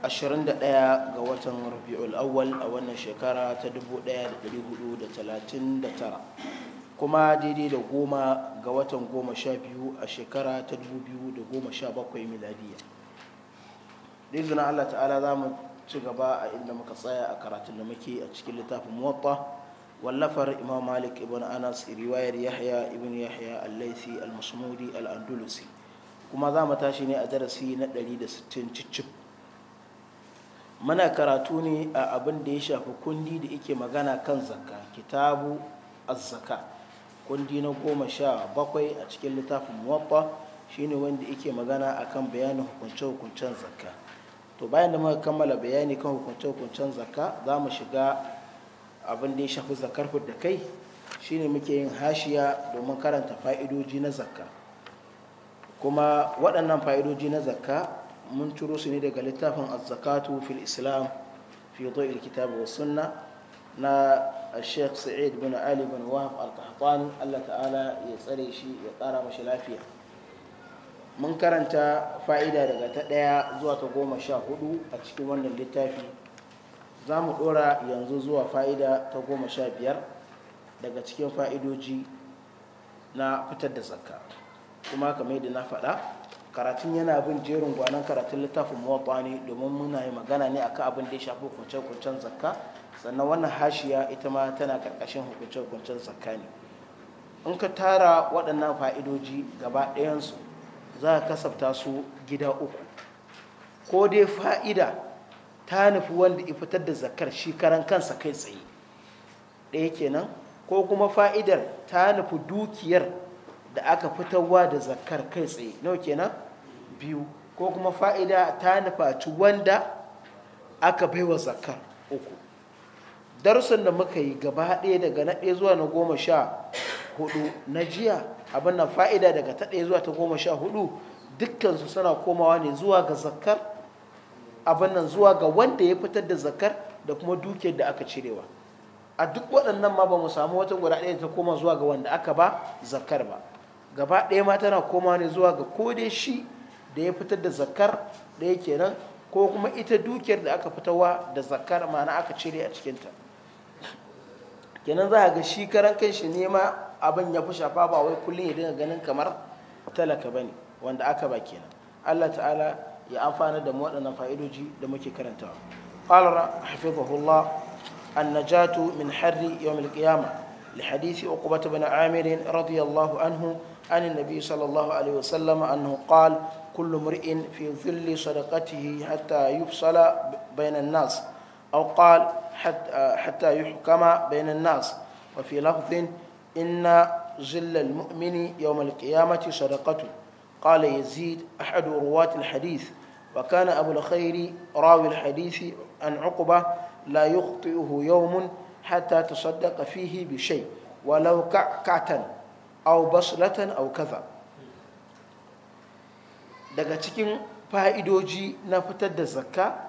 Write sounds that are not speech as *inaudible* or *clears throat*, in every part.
21 ga watan rabi'ul awwal a wannan shekara ta 1439 kuma daidai da goma ga watan goma sha biyu a shekara ta 2017 miladiya da izinin allah ta'ala za mu ci gaba a inda muka tsaya a karatun da muke a cikin littafin muwatta wallafar imam malik ibn anas riwayar yahya ibn yahya al-laisi al-masmudi al-andalusi kuma za mu tashi ne a darasi na 160 cicip muna karatu ne a abin da ya shafi kundi da yake magana kan zakka kitabu azzaka kundi na goma sha bakwai a cikin littafin muwaffa shine wanda yake magana akan bayanin hukunce-hukuncen zakka to bayan da muka kammala bayani kan hukunce-hukuncen zakka za mu shiga abin da ya shafi zakar da kai shine muke yin hashiya domin karanta fa'idoji na zakka kuma waɗannan fa'idoji na zakka mun turo su ne daga littafin azzakatu fil islam fi zo'il kitabu wa sunna na sheikh sa'id bin ali bin wahab al-qahtani allah ta'ala ya tsare shi ya tsara mashi lafiya mun karanta fa'ida daga ta ɗaya zuwa ta goma sha hudu a cikin wannan littafi za mu ɗora yanzu zuwa fa'ida ta goma sha biyar daga cikin fa'idoji na fitar da zakka kuma kamar yadda na faɗa karatun yana bin jerin gwanon karatun littafin muwatta ne domin muna yi magana ne akan abin da ya shafi hukunce-hukuncen zakka sannan wannan hashiya ita ma tana karkashin hukunce-hukuncen zakka ne in ka tara waɗannan fa'idoji gaba ɗayansu za ka kasafta su gida uku ko dai fa'ida ta nufi wanda ya fitar da zakar shi karan kansa kai tsaye ɗaya kenan ko kuma fa'idar ta nufi dukiyar da aka fitowa da zakar kai tsaye nawa kenan biyu ko kuma fa'ida ta nufaci wanda aka baiwa zakar uku darsun da muka yi gaba ɗaya daga na ɗaya zuwa na goma sha hudu na jiya abin fa'ida daga ta ɗaya zuwa ta goma sha hudu dukkansu suna komawa ne zuwa ga zakar abin zuwa ga wanda ya fitar da zakar da kuma dukiyar da aka cirewa a duk waɗannan ma ba mu samu wata guda ɗaya ta koma zuwa ga wanda aka ba zakar ba gaba ɗaya ma tana koma ne zuwa ga ko dai shi da ya fitar da zakar ɗaya kenan ko kuma ita dukiyar da aka fitarwa da zakar ma'ana aka cire a cikinta kenan za a ga shi karan kan shi ne ma abin ya fi shafa ba wai kullum ya dinga ganin kamar talaka ba ne wanda aka ba kenan allah ta'ala ya amfana da mu waɗannan fa'idoji da muke karantawa ƙalara hafizahullah annajatu min harri yawmil qiyamah لحديث عقبة بن عامر رضي الله عنه عن النبي صلى الله عليه وسلم أنه قال كل امرئ في ظل صدقته حتى يفصل بين الناس أو قال حتى, حتى يحكم بين الناس وفي لفظ إن ظل المؤمن يوم القيامة صدقته قال يزيد أحد رواة الحديث وكان أبو الخير راوي الحديث عن عقبة لا يخطئه يوم حتى تصدق فيه بشيء ولو كعكعة aw baslatan aw kaza daga cikin fa'idoji na fitar da zakka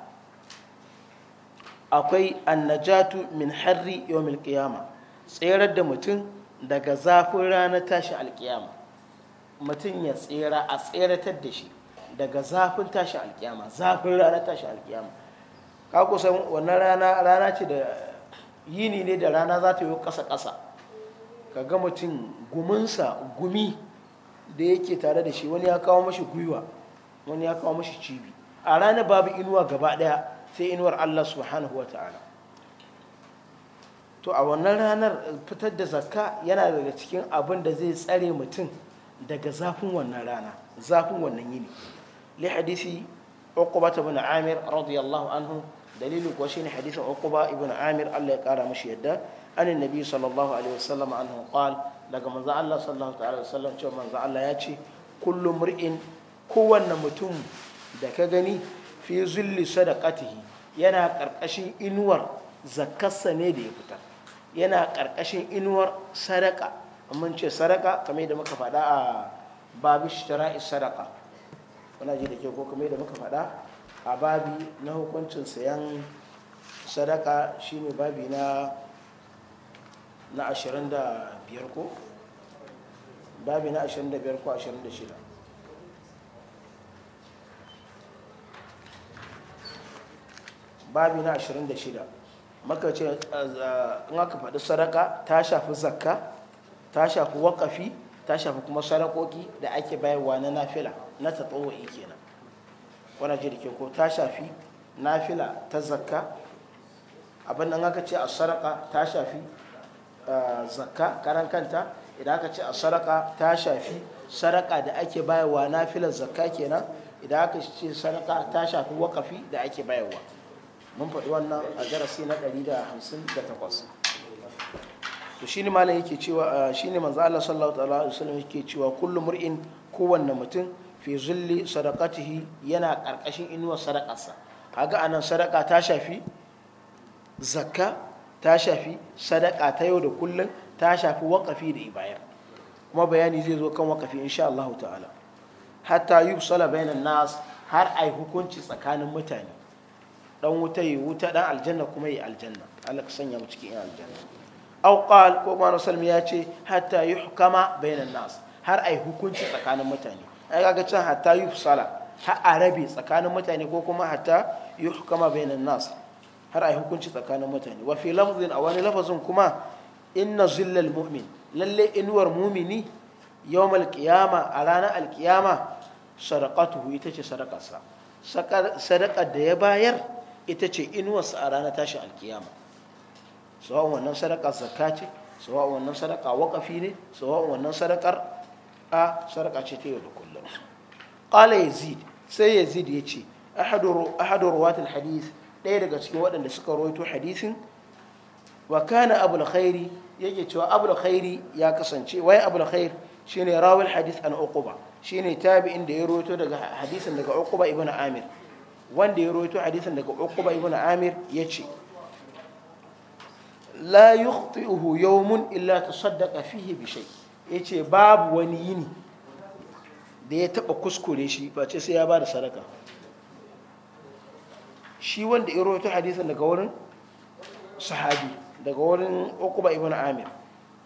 akwai annajatu min harri yawmil qiyama tserar da mutum daga zafin ranar tashi alkiyama mutum ya tsera a tseratar da shi daga zafin tashi alkiyama zafin ranar tashi alkiyama ka kusan wannan rana rana ce da yini ne da rana za ta yi kasa-kasa ka ga mutum guminsa gumi da yake tare da shi wani ya kawo mashi gwiwa wani ya kawo mashi cibi a ranar babu inuwa gaba ɗaya sai inuwar allah subhanahu wa ta'ala to a wannan ranar fitar da zakka yana daga cikin abin da zai tsare mutum daga zafin wannan rana zafin wannan yini li hadisi ta ibn amir radiyallahu anhu dalilin kuwa shine hadisin uqba ibn amir Allah ya kara mashi yadda an annabi sallallahu alaihi wasallam anhu qal daga manzo Allah sallallahu alaihi wasallam cewa manzo Allah ya ce kullu mur'in kowanne mutum da ka gani fi zulli sadaqatihi yana karkashin inuwar zakarsa ne da ya fitar yana karkashin inuwar sadaka mun ce sadaka kamar da muka faɗa a babu shitara'i sadaka kuna ji da ke ko kamar da muka faɗa a babi na hukuncin sayan sadaka shine babi na na ashirin da biyar ko babi na biyar ko ashirin da shida babi na shida, maka ce eh, in aka faɗi saraka ta shafi zakka ta shafi waƙafi ta shafi kuma sarakoki da ake bayarwa na nafila na tatsawo'i kenan wani ji da ke ko ta shafi nafila ta zakka abin aka ce a saraka ta shafi zakka karan kanta idan aka ce a saraka ta shafi sadaka da ake bayarwa na filar zakka kenan idan aka ce sadaka ta shafi wakafi da ake bayarwa mun faɗi wannan a darasi na 158 to shine malam yake cewa shine manzo Allah sallallahu alaihi wasallam yake cewa kullu mur'in kowanne mutum fi zulli sadaqatihi yana karkashin inuwar sadakarsa kaga anan sadaka ta shafi zakka ta shafi sadaka ta yau da kullum ta shafi waƙafi da ibayar kuma bayani zai zo kan wakafi insha Allah ta'ala hatta yusala bainan nas har ai hukunci tsakanin mutane dan wuta yi wuta dan aljanna kuma yi aljanna Allah ka sanya mu cikin aljanna aw qal ko ma salmi ya ce hatta yuhkama bainan nas har ai hukunci tsakanin mutane ai kaga can hatta sala har arabi tsakanin mutane ko kuma hatta yuhkama bainan nas har ai hukunci tsakanin mutane wa fi a wani lafazin kuma inna zillal mu'min lalle inuwar mumini yawmal alkiyama a ranar alkiyama sadaqatuhu ita ce sadakarsa sadakar da ya bayar ita ce inuwarsa a ranar tashin alkiyama sawa'un wannan sadakar zakka ce wannan sadaqa waƙafi ne sawa'un wannan sadakar a sadaqa ce ta yau da kullum qala yazid sai yazid yace ahadu ahadu ruwatul hadith ɗaya daga cikin waɗanda suka roito hadisin wa kana abul khairi yake cewa abul khairi ya kasance wai abul khair shine rawul hadis an uquba shine tabi'in da ya roito daga hadisin daga uquba ibn amir wanda ya roito hadisin daga uquba ibn amir yace la yukhti'uhu yawmun illa tasaddaqa fihi bi shay yace babu wani yini da ya taba kuskure shi face sai ya bada sadaka shi wanda ya ta hadisan daga wurin sahabi daga wurin Uqba ibn Amir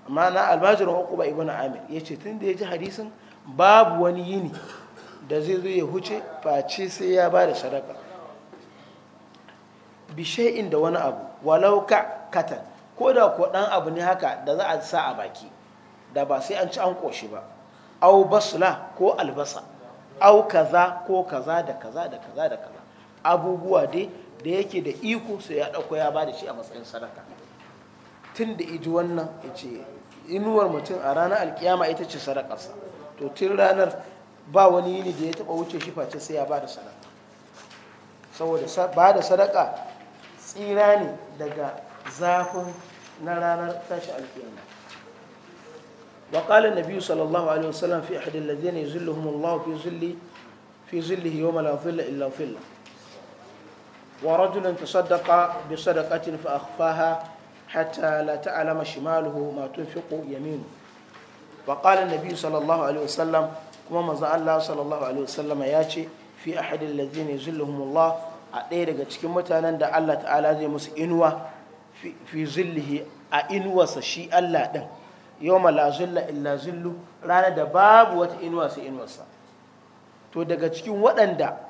amma na almajirin Uqba ibn Amir ce tun da ya ji hadisan babu wani yini da zai zo ya huce face sai ya ba da sadaka bishai'in da wani abu walau ka katan ko da ko dan abu ne haka da za a sa a baki da ba sai an ci an koshi ba au basla ko albasa au kaza ko kaza da kaza da kaza da kaza abubuwa dai da yake da iko sai ya ɗauko ya ba da shi a matsayin sadaka tun da iji wannan ya ce inuwar mutum a ranar alkiyama ita ce sadakarsa to tun ranar ba wani yini da ya taɓa wuce shi face sai ya ba da sadaka saboda ba da sadaka tsira ne daga zafin na ranar tashi alkiyama وقال النبي صلى الله عليه وسلم في أحد الذين يزلهم الله في ظله في ظله يوم لا ظل إلا ظله ورجل تصدق بصدقة فأخفاها حتى لا تعلم شماله ما تنفق يمينه وقال النبي صلى الله عليه وسلم كما مزع الله صلى الله عليه وسلم ياتي في أحد الذين يزلهم الله أدير cikin mutanen da Allah ta'ala zai musu inuwa fi zillihi a inuwarsa shi Allah din yawma la zilla illa zillu ranar da babu wata inuwa sai inuwarsa to daga cikin waɗanda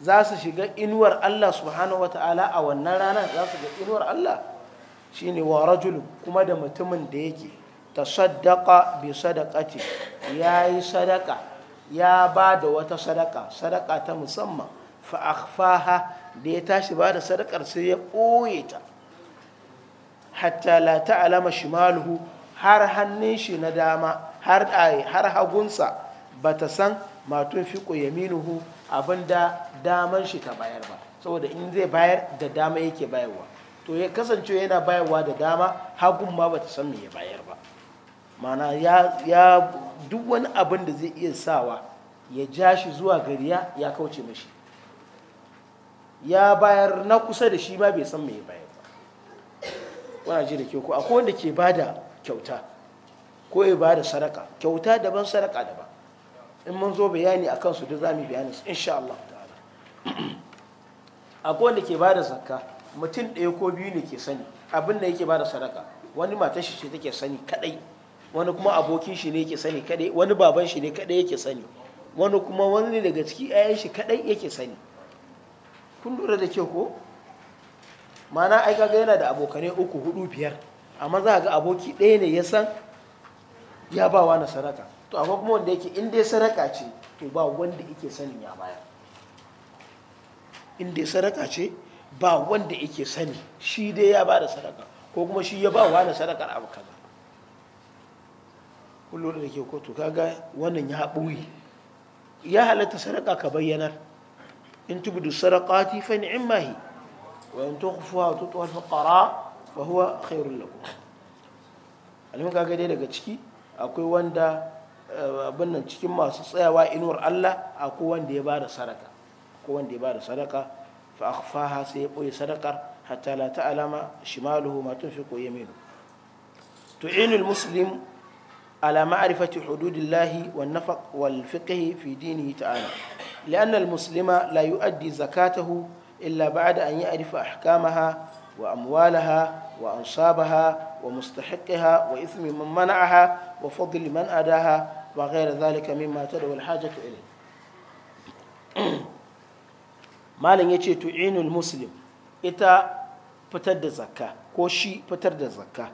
za su shiga inuwar Allah subhanahu ta'ala a wannan ranar za su ga inuwar Allah Shi ne wa rajul kuma da mutumin da yake ta sadaka bi Ya yi sadaka ya ba da wata sadaka sadaka ta musamman fa ha da ya tashi ba da sadakar sai ya ɓoye ta hatta la shi shimaluhu har hannun shi na dama har har hagunsa ta san matun fiqo yaminuhu abinda daman shi ta bayar ba saboda in zai bayar da dama yake bayarwa to ya kasance yana bayarwa da dama hagun ma bata san me ya bayar ba mana ya duk wani abin da zai iya sawa ya ja shi zuwa gariya ya kauce mashi ya bayar na kusa da shi ma bai san me ya bayar ba wana ji da ke ko akwai wanda ke bada kyauta ko ya bada sadaka kyauta daban sadaka daban in mun zo bayani akan su da zamu bayani insha Allah *clears throat* akwai wanda ke ba da zakka mutum ɗaya ko biyu ne ke sani abin da yake bada sadaka wani matar shi ce take sani kadai wani kuma abokin shi ne yake sani kadai wani baban shi ne kadai yake sani wani kuma wani daga ciki ayan shi kadai yake sani kun lura da ke ko mana ai kaga yana da abokane uku hudu biyar amma za ga aboki ɗaya ne ya san ya ba wa na sadaka to akwai kuma wanda yake in dai sadaka ce to ba wanda yake sanin ya bayar inda sadaka ce ba wanda yake sani shi dai ya ba da sadaka ko kuma shi ya ba wa na sadakar abu kaza kullum da ke kotu kaga wannan ya ɓoye ya halatta sadaka ka bayyanar in tubdu sadaqati fa ni'ma hi wa in tukhfuha wa tutuha al fa huwa khairun lagu alamun kaga dai daga ciki akwai wanda eh, abin cikin masu tsayawa inuwar Allah akwai wanda ya ba da sadaka ko wanda ya ba da sadaka fa akhfaha sai ya boye sadakar hatta la ta'lama shimaluhu ma tunfiqu yaminu tu'inu almuslim ala ma'rifati hududillahi wan nafaq wal fiqh fi dinihi ta'ala li'anna almuslima la yu'addi zakatahu illa ba'da an arifa ahkamaha wa amwalaha wa ansabaha wa mustahiqaha wa ismi man wa fadli man adaha wa ghayra dhalika mimma tadawu alhajatu ilayhi malam ya ce tu'inul muslim ita fitar da zakka ko shi fitar da zakka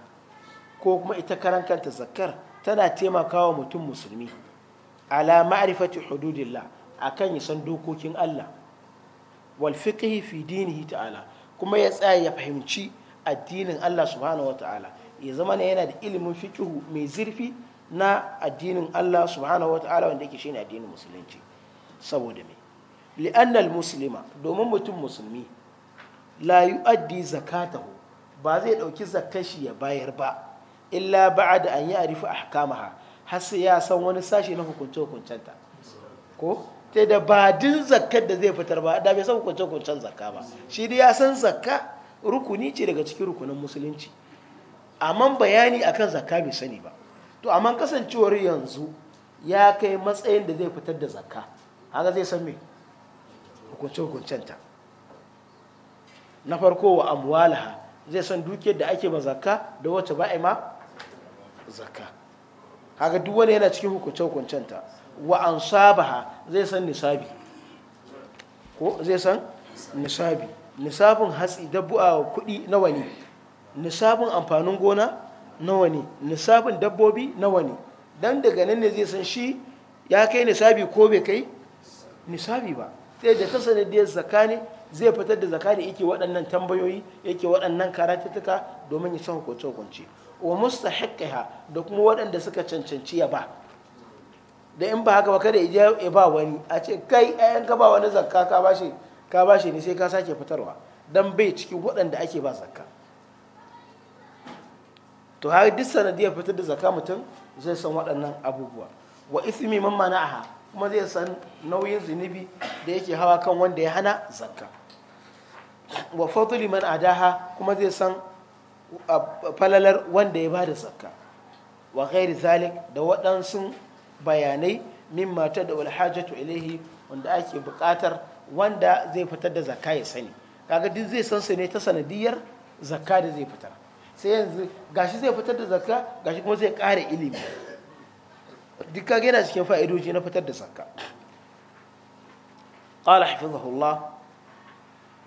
ko kuma ita karan kanta zakkar tana taimakawa mutum musulmi ala ma'rifati hududillah akan ya san dokokin Allah wal fiqhi fi dinihi ta'ala kuma ya tsaya ya fahimci addinin Allah subhanahu ta'ala ya zama ne yana da ilimin fiqhu mai zurfi na addinin Allah subhanahu ta'ala wanda yake shine addinin musulunci saboda me li'annal muslima domin mutum musulmi layu la yu'addi zakatahu ba zai ɗauki shi ya bayar ba illa da an yi a ahkamaha har sai ya san wani sashe na hukunce hukuncenta ko ta da badin zakkar da zai fitar ba da bai san hukunce hukuncen ba shi dai ya san zakka rukuni ce daga cikin rukunin musulunci amma bayani akan zakka bai sani ba to amma kasancewar yanzu ya kai matsayin da zai fitar da zakka haka zai san me hukuncenta na farko wa amwalaha zai san dukiyar da ake ba zakka da wacce ba a zakka haka duk wani yana cikin hukunce-hukuncenta wa an zai san nisabi ko zai san nisabi nisabin hatsi dabbu'a kuɗi nawa ne nisabin amfanin gona nawa ne nisabin dabbobi nawa ne dan daga nan ne zai san shi ya kai nisabi ko bai kai nisabi ba sai da ta sanadiyar zakani zai fitar da zakani yake waɗannan tambayoyi yake waɗannan karatuttuka domin ya san hukunce-hukunce wa mustahiqqiha da kuma waɗanda suka cancanci ya ba da in ba haka ba kada ya ba wani a ce kai ayan ka ba wani zakka ka bashi ka bashi ne sai ka sake fitarwa dan bai cikin waɗanda ake ba zakka to har duk sanadiyar fitar da zakka mutum zai san waɗannan abubuwa wa ismi man mana'aha kuma zai san nauyin zunubi da yake hawa kan wanda ya hana zakka wa fadli man adaha kuma zai san falalar wanda ya bada zakka wa ghairi zalik da waɗansu bayanai min mata da walhajatu ilaihi wanda ake bukatar wanda zai fitar da zakka ya sani kaga duk zai san ne ta sanadiyar zakka da zai fitar sai yanzu gashi zai fitar da zakka gashi kuma zai ƙara ilimi duk kage yana cikin fa'idoji na fitar da zakka qala hafizahullah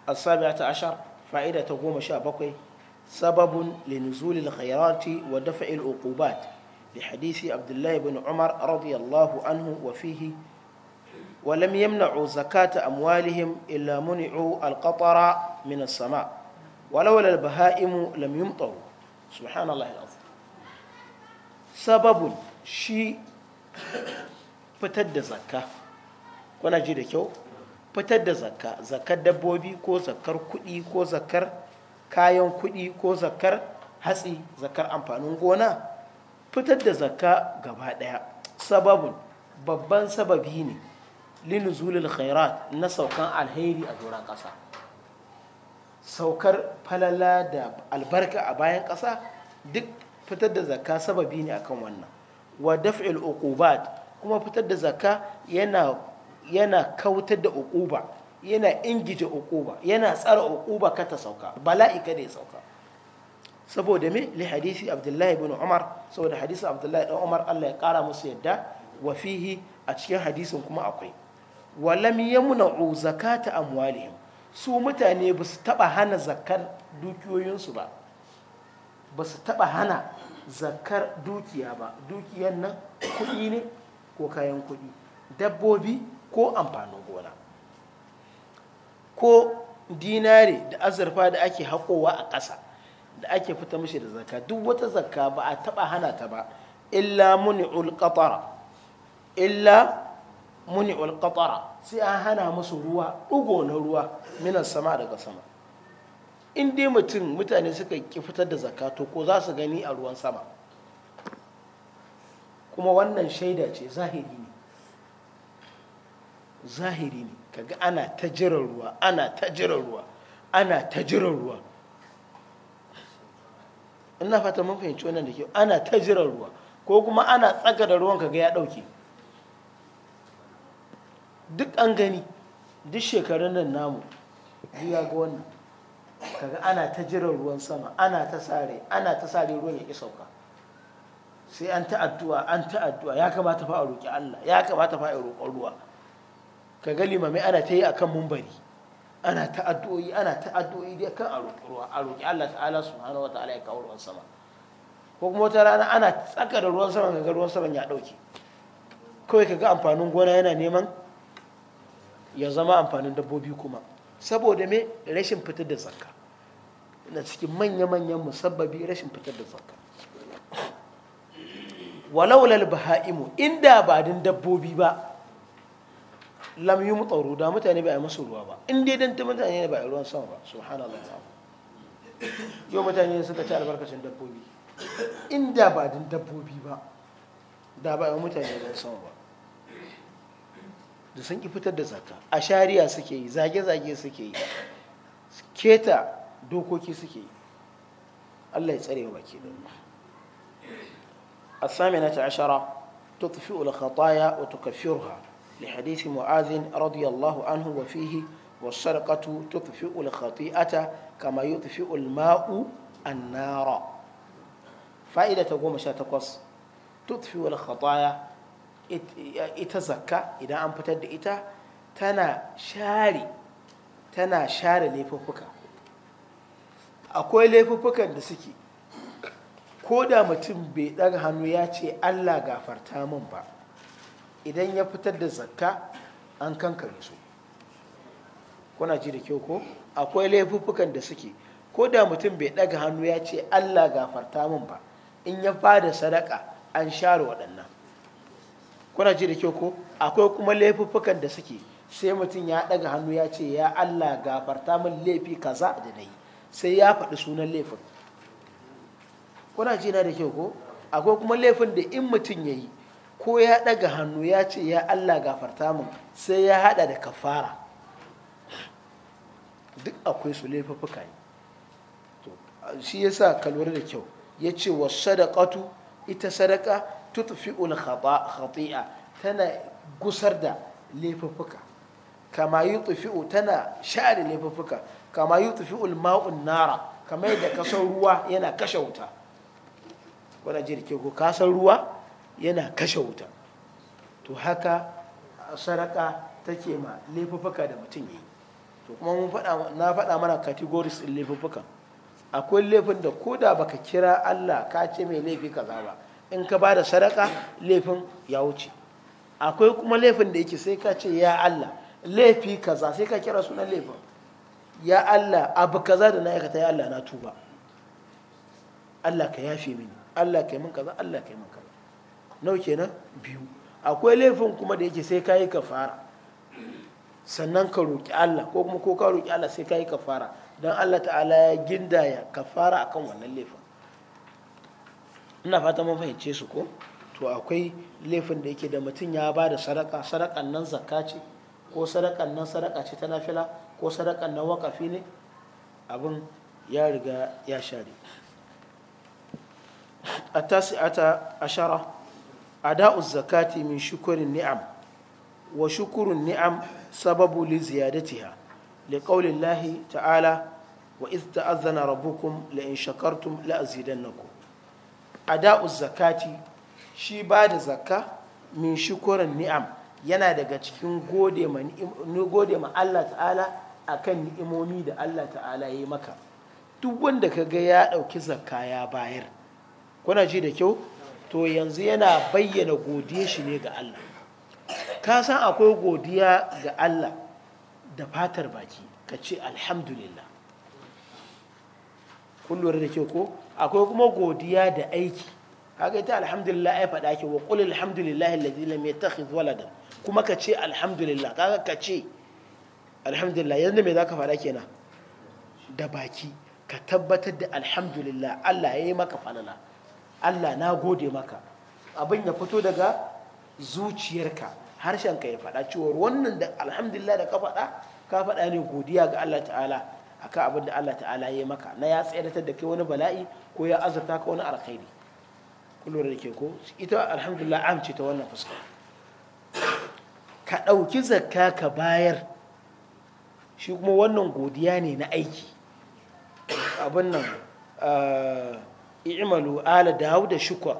as-sabi'ata ashar fa'ida ta goma sha bakwai sababun linuzulil khairati wa dafa'il uqubat li hadisi abdullahi bin umar radiyallahu anhu wa fihi ولم يمنعوا زكاة أموالهم إلا منعوا القطر من السماء ولولا baha'imu لم يمطروا سبحان الله العظيم سبب fitar da zakka kuna ji da kyau fitar da zakka zakkar dabbobi ko zakkar kuɗi ko zakkar kayan kuɗi ko zakkar hatsi zakkar amfanin gona fitar da zakka gaba ɗaya sababin babban sababi ne linuzulil khairat na saukan alheri a doron ƙasa saukar falala da albarka a bayan ƙasa duk fitar da zakka sababi ne akan wannan wa daf'il uqubat kuma fitar da zakka yana yana kautar da uquba yana ingije uquba yana tsara uquba ka ta sauka bala'i ka da sauka saboda me li hadisi abdullahi ibn umar saboda hadisi abdullahi dan umar Allah ya kara musu yadda wa fihi a cikin hadisin kuma akwai wa lam yamna'u zakata amwalihim su mutane ba su taba hana zakar dukiyoyinsu ba ba su taba hana zakar dukiya ba dukiyan nan kuɗi ne ko kayan kuɗi dabbobi ko amfanin gona ko dinare da azurfa da ake haƙowa a ƙasa da ake fita mashi da zakka duk wata zakka ba a taɓa hana ta ba illa muni ulƙatara illa muni ulƙatara sai an hana musu ruwa ɗugo na ruwa minan sama daga sama in dai mutum mutane suka ki fitar da zakato ko za su gani a ruwan sama kuma wannan shaida ce zahiri ne zahiri ne kaga ana ta jiran ruwa ana ta jiran ruwa ana ta jiran ruwa ina fata mun fahimci wannan da kyau ana ta jiran ruwa ko kuma ana tsaka da ruwan kaga ya dauke duk an gani duk shekarun nan namu ya ga wannan kaga ana ta jiran ruwan sama ana ta sare ana ta sare ruwan ya ki sauka sai an ta addu'a an ta addu'a ya kamata fa a roki Allah ya kamata fa a roƙon ruwa kaga Limami ana ta yi akan mumbari ana ta addu'o'i ana ta addu'o'i dai kan a roƙi ruwa a roƙi Allah ta'ala subhanahu wataala ya kawo ruwan sama ko kuma wata rana ana tsaka da ruwan sama kaga ruwan sama ya dauke kawai kaga amfanin gona yana neman ya zama amfanin dabbobi kuma saboda me rashin fitar da zakka na cikin manya-manyan musabbabi rashin fitar da zakka walaulal baha'imu inda ba din dabbobi ba lam yi mutsaro da mutane ba a masu ruwa ba in dai dan ta mutane ba a ruwan sama ba subhanallah yau mutane suka ci albarkacin dabbobi inda ba din dabbobi ba da ba a mutane ruwan sama ba da sun ki fitar da zaka a shari'a suke yi zage-zage suke yi keta dokoki suke allah ya tsare wa baki da a sami na ta ashara ta tafi ulkhataya wa ta kafir ha da hadisi mu'azin radiyallahu anhu wa fihi wa sarƙatu ta tafi ulkhati'ata kama yi tafi ulma'u annara fa'ida ta goma sha takwas ta tafi ulkhataya ita zakka idan an fitar da ita tana share tana share laifuffuka akwai laifuffukan da suke ko da mutum bai ɗaga hannu ya ce allah gafarta min ba idan ya fitar da zakka an kankare su kuna ji da kyau ko akwai laifuffukan da suke ko da mutum bai ɗaga hannu ya ce allah gafarta min ba in ya fada sadaka an share waɗannan kuna ji da kyau ko akwai kuma laifuffukan da suke sai mutum ya ɗaga hannu ya ce ya Allah gafarta min laifi kaza da na yi sai ya faɗi sunan laifin kuna ji na da kyau ko akwai kuma laifin da in mutum ya yi ko ya ɗaga hannu ya ce ya Allah gafarta min sai ya haɗa da kafara duk akwai su laifuffuka ne shi yasa kalwar da kyau ya ce wa ita sadaka tutfi'ul khati'a tana gusar da laifuffuka kama yutfi'u tana share laifuffuka kama yutfi'ul ma'un nara kama yadda kasan ruwa yana kashe wuta wannan jirki ko kasan ruwa yana kashe wuta to haka saraka take ma laifuffuka da mutum yi to kuma mun faɗa na faɗa mana categories din laifuffukan akwai laifin da ko da baka kira Allah ka ce mai laifi kaza ba in ka ba da sadaka laifin ya wuce akwai kuma laifin da yake sai ka ce ya Allah laifi kaza sai ka kira sunan laifin ya Allah abu kaza da na aikata ya Allah na tuba Allah ka yafe mini Allah ka yi min kaza Allah ka yi min kaza nau kenan biyu akwai laifin kuma da yake sai ka yi kafara sannan ka roƙi Allah ko kuma ko ka roƙi Allah sai ka yi kafara don Allah ta'ala ya gindaya kafara akan wannan laifin ina fata mun fahimce su ko to akwai laifin da yake da mutum ya ba da sadaka sadakan nan zakka ce ko sadakan nan sadaka ce ta nafila ko sadakan nan wakafi ne abin ya riga ya share a tasiata ashara ada'u zakati min shukurin ni'am wa shukurun ni'am sababu li ziyadatiha li qawli ta'ala wa idh azana rabbukum la in shakartum la ku. Adaus zakati shi ba da zakka min shukuran ni'am yana daga cikin gode ma Allah ta'ala akan ni'imomi da Allah ta'ala yayi maka duk wanda ka ga ya dauki zakka ya bayar kuna ji da kyau to yanzu yana bayyana godiya shi ne ga Allah ka san akwai godiya ga Allah da fatar baki ka ce alhamdulillah kun da kyau ko akwai kuma godiya da aiki kaga ita alhamdulillah ai faɗa ke wa qul alhamdulillah alladhi lam yattakhidh walada kuma ka ce alhamdulillah kaga ka ce alhamdulillah yanzu me zaka faɗa kenan da baki ka tabbatar da alhamdulillah Allah ya yi maka falala Allah na gode maka abin ya fito daga zuciyarka harshen ka ya faɗa cewar wannan da alhamdulillah da ka faɗa ka faɗa ne godiya ga Allah ta'ala akan abin da Allah ta'ala ya maka na ya tsayar da kai wani bala'i ko ya azurta ka wani alkhairi kullum da ke ko ita alhamdulillah amce ta wannan fuska ka ɗauki zakka ka bayar shi kuma wannan godiya ne na aiki abin nan eh, i'malu ala dawud Shukwa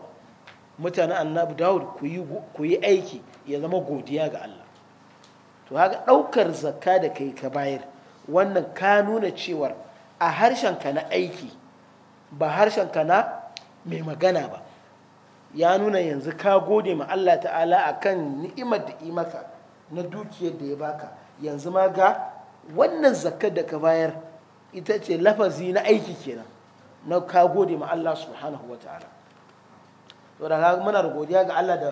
mutanen annabi dawud ku yi aiki ya zama godiya ga Allah to haka ɗaukar zakka da kai ka bayar wannan ka nuna cewar a harshen ka na aiki ba harshenka na mai magana ba ya nuna yanzu ka gode ma Allah ta'ala akan ni'imar da imaka na dukiyar da ya baka yanzu ma ga wannan zakar da ka bayar ita ce lafazi na aiki kenan na ka gode ma Allah subhanahu wa ta'ala muna da godiya ga Allah da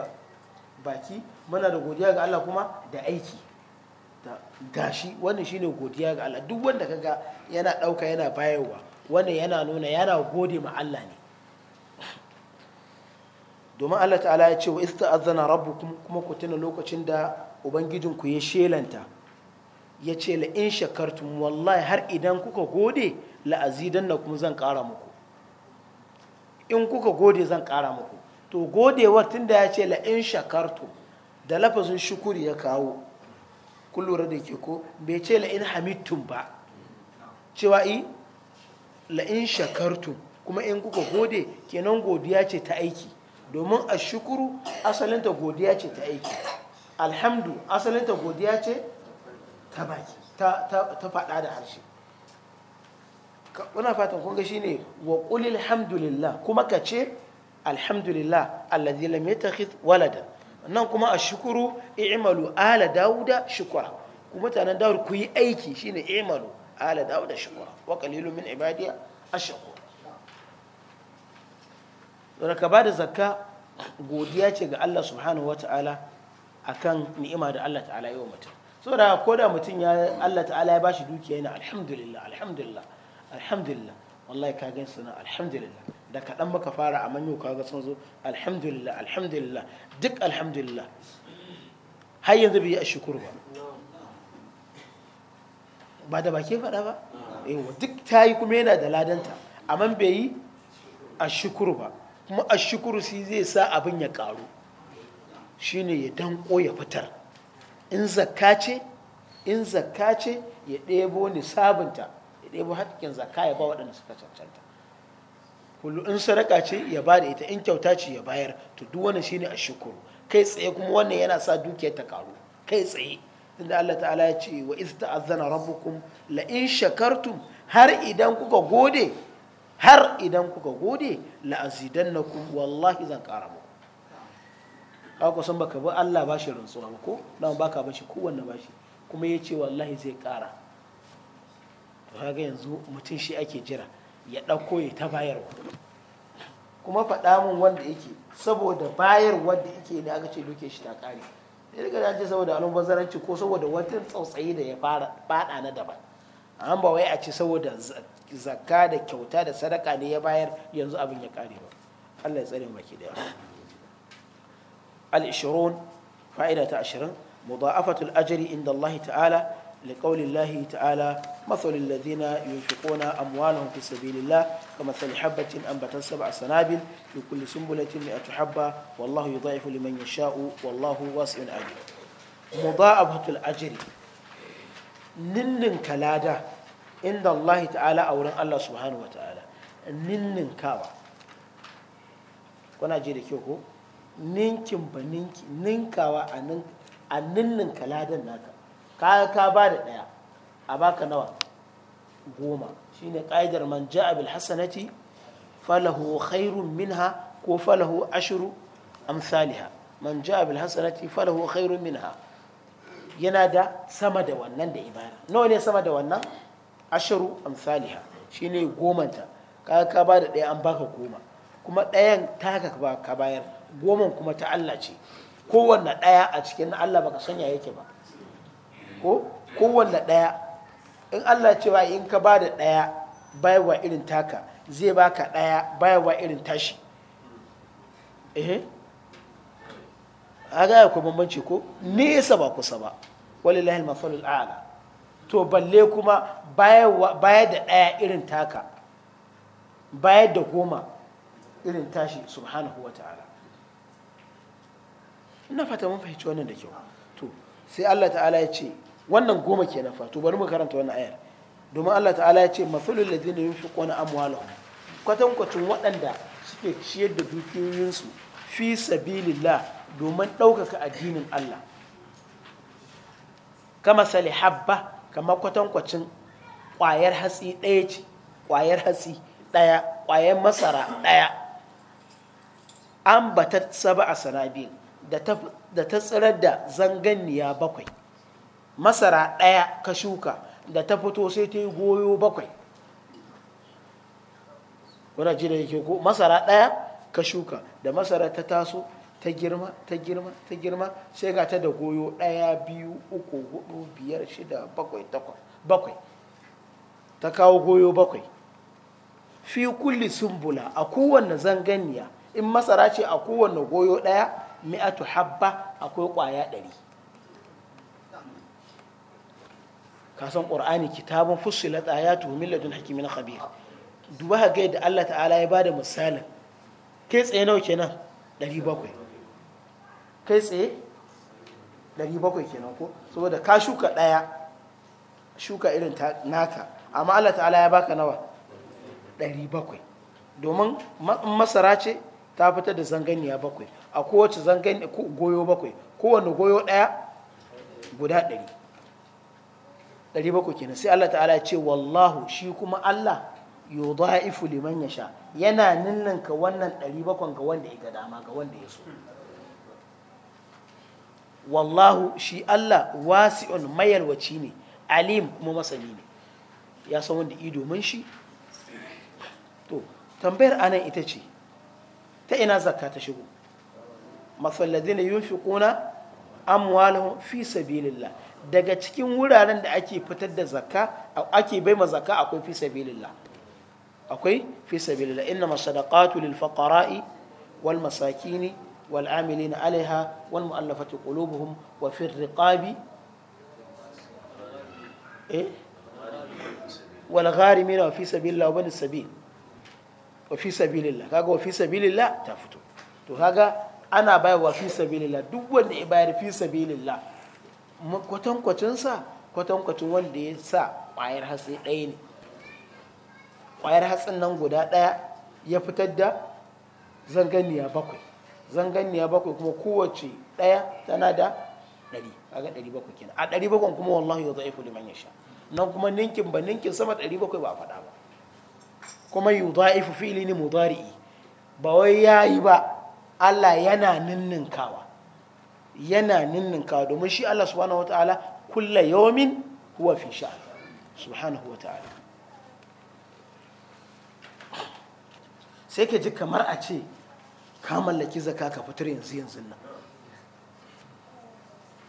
baki muna da godiya ga Allah kuma da aiki gashi wannan ne godiya ga Allah duk wanda kaga yana ɗauka yana bayarwa wannan yana nuna yana gode ma Allah ne domin Allah ta'ala ya ce wa ista'azana rabbukum kuma ku tuna lokacin da ubangijin ku ya shelanta ya ce la in shakartum wallahi har idan kuka gode la azidanna kuma zan ƙara muku in kuka gode zan kara muku to godewar tunda ya ce la in shakartum da lafazin shukuri ya kawo kun lura da ke ko bai ce la'in hamidtum ba cewa i la'in Shakartu kuma in kuka gode kenan godiya ce ta aiki domin a shukuru asalinta godiya ce ta aiki alhamdu asalinta godiya ce ta baki ta faɗa da harshe Kuna fatan kunga shi ne wa ƙulil hamdulillah kuma ka ce alhamdulillah allazi lam yatakhidh waladan nan kuma a shukuru i'malu ala dawuda shukura ku mutanen dawud ku yi aiki shine i'malu ala dawuda shukura wa kalilu min ibadiya don ka ba da zakka godiya ce ga Allah subhanahu a akan ni'ima da Allah ta'ala yi wa mutum So ko da mutum ya Allah ta'ala ya bashi dukiya yana alhamdulillah alhamdulillah alhamdulillah wallahi ka gan suna alhamdulillah da kaɗan baka fara a manyo ka ga sun zo alhamdulillah alhamdulillah duk alhamdulillah har yanzu bai yi a shukur ba ba da baki faɗa ba wa duk ta yi kuma yana da ladanta amma bai yi a shukuru ba kuma a shukuru shi zai sa abin ya ƙaru shine ya danko ya fitar in zakka ce in zakka ce ya ɗebo ni sabunta. ya ɗebo hakkin zakka ya ba waɗanda suka cancanta kullu in sadaka ce ya ba da ita in kyauta ce ya bayar to duk wannan shine shukuru kai tsaye kuma wannan yana sa dukiyar ta karu kai tsaye inda Allah ta'ala ya ce wa iz ta'azzana rabbukum la in shakartum har idan kuka gode har idan kuka gode la azidannakum wallahi zan kara muku haka san baka bi Allah bashi rantsuwa ba ko dan baka bashi kowanne bashi kuma yace wallahi zai kara kaga yanzu mutum shi ake jira ya ɗauko ya ta bayarwa kuma faɗa mun wanda yake saboda bayarwa da yake ne aka ce duke shi ta ƙare sai daga ce saboda bazaranci ko saboda wata tsautsayi da ya faɗa na daban an ba wai a ce saboda zakka da kyauta da sadaka ne ya bayar yanzu abin ya ƙare ba Allah ya tsare baki daya al ishirun fa'ida ta 20 mudha'afatul ajri inda Allah ta'ala لقول الله تعالى مثل الذين ينفقون أموالهم في سبيل الله كمثل حبة أنبتت سبع سنابل في كل سنبلة مئة حبة والله يضاعف لمن يشاء والله واسع أجر مضاعفة الأجر نلن كلادة عند الله تعالى أو الله سبحانه وتعالى نلن كاوة kuna ji da kyau ko ninkin ba ninki ninkawa a ninnin kaladan naka ka ka ba da ɗaya a baka nawa goma ne ƙa'idar man ja'a bil hasanati falahu khairun minha ko falahu ashiru amsaliha. man ja'a hasanati falahu khairun minha yana da sama da wannan da ibara nawa ne sama da wannan amsaliha. Shi ne gomanta ka ka ba da ɗaya an baka goma kuma ɗayan taka ba ka bayar goman kuma ta Allah ce kowanne ɗaya a cikin Allah baka sanya yake ba ko kowanne ɗaya in Allah cewa in ka ba da ɗaya bayarwa irin taka zai ba ka ɗaya bayarwa irin tashi eh a gaya ku bambanci ko nesa ba kusa ba walillahi lahil mafalul a'la to balle kuma bayar da ɗaya irin taka bayar da goma irin tashi subhanahu wa ta'ala ina fata mun fahimci wannan da kyau to sai Allah ta'ala ya ce wannan goma ke na to bari mu karanta wannan ayar domin Allah ta'ala ya ce masalul ladina yunfiquna amwalahum kwatan kwatun waɗanda suke ciyar da su fi sabilillah domin ɗaukaka addinin Allah kama sali habba kama kwatan kwacin ƙwayar hatsi ɗaya ce ƙwayar hatsi ɗaya ƙwayar masara ɗaya an batat saba a sanabin da ta tsirar da zanganniya bakwai masara ɗaya ka shuka da ta fito sai ta yi goyo bakwai wadda ji da yake ko masara ɗaya ka shuka da masara ta taso ta girma ta girma ta girma sai ga ta da goyo ɗaya biyu uku hudu biyar shida bakwai bakwai ta kawo goyo bakwai fi kulli sumbula a kowanne zanganiya in masara ce a kowanne goyo ɗaya mi'atu habba akwai kwaya ɗari kasan ƙorani kitabun fussilat ayatu min ladun hakimin khabir duba ha ga yadda Allah ta'ala ya bada misalin kai tsaye nawa kenan 700 kai tsaye 700 kenan ko saboda ka shuka daya shuka irin naka amma Allah ta'ala ya baka nawa 700 domin masara ce ta fitar da zanganiya bakwai a kowace zangan goyo bakwai kowane goyo ɗaya guda ɗari ɗari bakwai kenan sai Allah ta'ala ya ce wallahu shi kuma Allah yudha'ifu liman yasha yana ninninka wannan ɗari bakwai ga wanda ya dama ga wanda ya so wallahu shi Allah wasi'un mayalwaci ne alim kuma masani ne ya san wanda i domin shi to tambayar anan ita ce ta ina zakka ta shigo masal ladina yunfiquna amwalahum fi sabilillah daga cikin wuraren da ake fitar da zakka ake bai ma zakka akwai fi sabilillah akwai fi sabilillah inna masadaqatu lil faqara'i wal masakini wal amilina alaiha wal mu'allafati qulubuhum wa fi riqabi eh wal gharimina wa fi sabilillah wa bani sabil wa fi sabilillah kaga wa fi sabilillah ta fito to kaga ana bayarwa fi sabilillah duk wanda ya bayar fi sabilillah kwatankwacin sa kwatankwacin wanda ya sa kwayar hatsi ɗaya ne kwayar hatsin nan guda ɗaya ya fitar da zanganiya bakwai zanganiya bakwai kuma kowace ɗaya tana da ɗari kaga ɗari bakwai kenan a ɗari bakwai kuma wallahi ya za'ifu liman ya sha nan kuma ninkin ba ninkin sama ɗari bakwai ba a faɗa ba kuma yu za'ifu fi'ili ne mudari'i ba wai ya yi ba Allah yana ninninkawa yana ninninkawa domin shi Allah subhanahu wataala kulla yawmin huwa fi sha'an subhanahu wataala sai ke ji kamar a ce ka mallaki zaka ka fitar yanzu yanzu nan